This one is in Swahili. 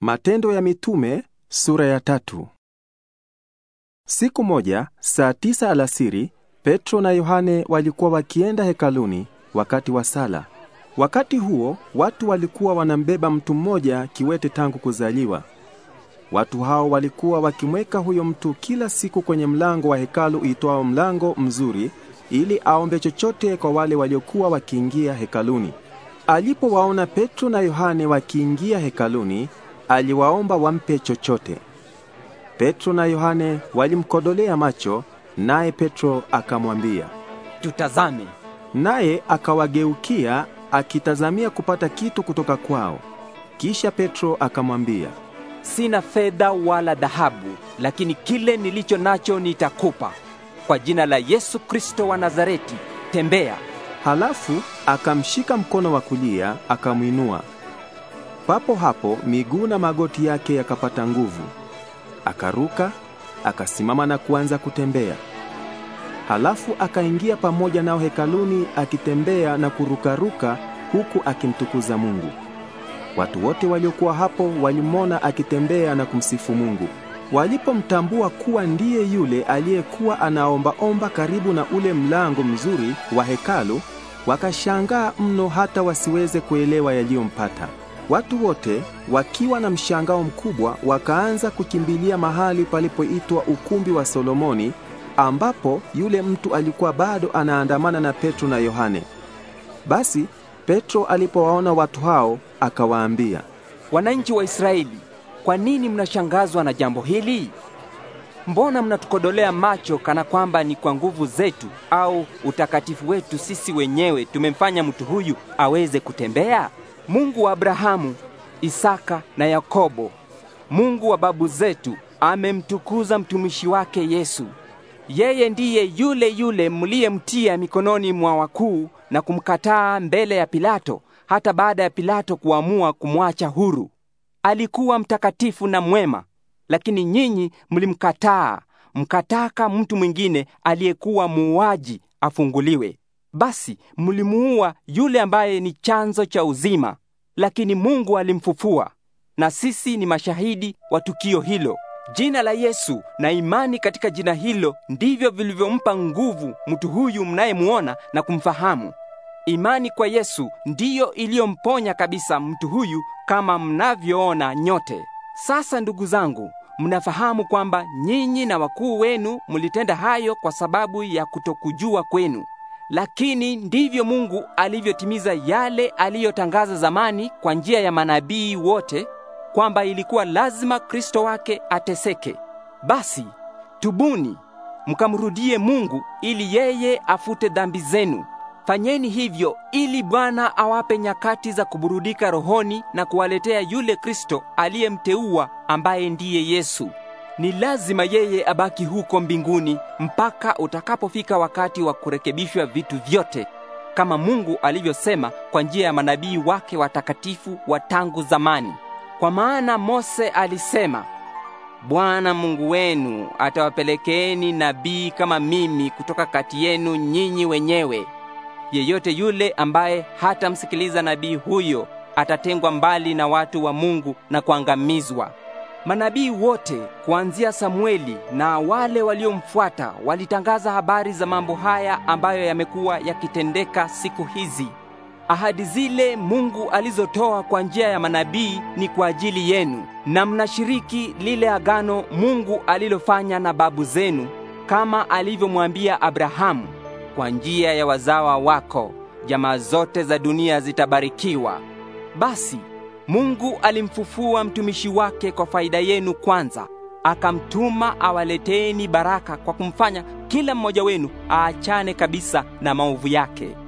Matendo ya Mitume sura ya tatu. Siku moja saa tisa alasiri, Petro na Yohane walikuwa wakienda hekaluni wakati wa sala. Wakati huo watu walikuwa wanambeba mtu mmoja kiwete tangu kuzaliwa. Watu hao walikuwa wakimweka huyo mtu kila siku kwenye mlango wa hekalu uitwao mlango mzuri, ili aombe chochote kwa wale waliokuwa wakiingia hekaluni. Alipowaona Petro na Yohane wakiingia hekaluni aliwaomba wampe chochote. Petro na Yohane walimkodolea macho, naye Petro akamwambia, tutazame. Naye akawageukia akitazamia kupata kitu kutoka kwao. Kisha Petro akamwambia, sina fedha wala dhahabu, lakini kile nilicho nacho nitakupa. Kwa jina la Yesu Kristo wa Nazareti, tembea. Halafu akamshika mkono wa kulia akamwinua. Papo hapo miguu na magoti yake yakapata nguvu, akaruka, akasimama na kuanza kutembea. Halafu akaingia pamoja nao hekaluni akitembea na kurukaruka huku akimtukuza Mungu. Watu wote waliokuwa hapo walimwona akitembea na kumsifu Mungu. Walipomtambua kuwa ndiye yule aliyekuwa anaomba-omba karibu na ule mlango mzuri wa hekalu, wakashangaa mno hata wasiweze kuelewa yaliyompata. Watu wote wakiwa na mshangao mkubwa wakaanza kukimbilia mahali palipoitwa ukumbi wa Solomoni ambapo yule mtu alikuwa bado anaandamana na Petro na Yohane. Basi Petro alipowaona watu hao akawaambia, Wananchi wa Israeli, kwa nini mnashangazwa na jambo hili? Mbona mnatukodolea macho kana kwamba ni kwa nguvu zetu au utakatifu wetu sisi wenyewe tumemfanya mtu huyu aweze kutembea? Mungu wa Abrahamu, Isaka na Yakobo, Mungu wa babu zetu amemtukuza mtumishi wake Yesu. Yeye ndiye yule yule mliyemtia mikononi mwa wakuu na kumkataa mbele ya Pilato, hata baada ya Pilato kuamua kumwacha huru. Alikuwa mtakatifu na mwema, lakini nyinyi mlimkataa, mkataka mtu mwingine aliyekuwa muuaji afunguliwe. Basi mlimuua yule ambaye ni chanzo cha uzima, lakini Mungu alimfufua, na sisi ni mashahidi wa tukio hilo. Jina la Yesu na imani katika jina hilo ndivyo vilivyompa nguvu mtu huyu mnayemwona na kumfahamu. Imani kwa Yesu ndiyo iliyomponya kabisa mtu huyu kama mnavyoona nyote. Sasa ndugu zangu, mnafahamu kwamba nyinyi na wakuu wenu mlitenda hayo kwa sababu ya kutokujua kwenu. Lakini ndivyo Mungu alivyotimiza yale aliyotangaza zamani kwa njia ya manabii wote kwamba ilikuwa lazima Kristo wake ateseke. Basi tubuni mkamrudie Mungu ili yeye afute dhambi zenu. Fanyeni hivyo ili Bwana awape nyakati za kuburudika rohoni na kuwaletea yule Kristo aliyemteua ambaye ndiye Yesu ni lazima yeye abaki huko mbinguni mpaka utakapofika wakati wa kurekebishwa vitu vyote kama Mungu alivyosema kwa njia ya manabii wake watakatifu wa tangu zamani. Kwa maana Mose alisema, Bwana Mungu wenu atawapelekeeni nabii kama mimi kutoka kati yenu nyinyi wenyewe. Yeyote yule ambaye hatamsikiliza nabii huyo atatengwa mbali na watu wa Mungu na kuangamizwa. Manabii wote kuanzia Samueli na wale waliomfuata walitangaza habari za mambo haya ambayo yamekuwa yakitendeka siku hizi. Ahadi zile Mungu alizotoa kwa njia ya manabii ni kwa ajili yenu, na mnashiriki lile agano Mungu alilofanya na babu zenu, kama alivyomwambia Abrahamu, kwa njia ya wazawa wako jamaa zote za dunia zitabarikiwa. Basi Mungu alimfufua mtumishi wake kwa faida yenu kwanza, akamtuma awaleteni baraka kwa kumfanya kila mmoja wenu aachane kabisa na maovu yake.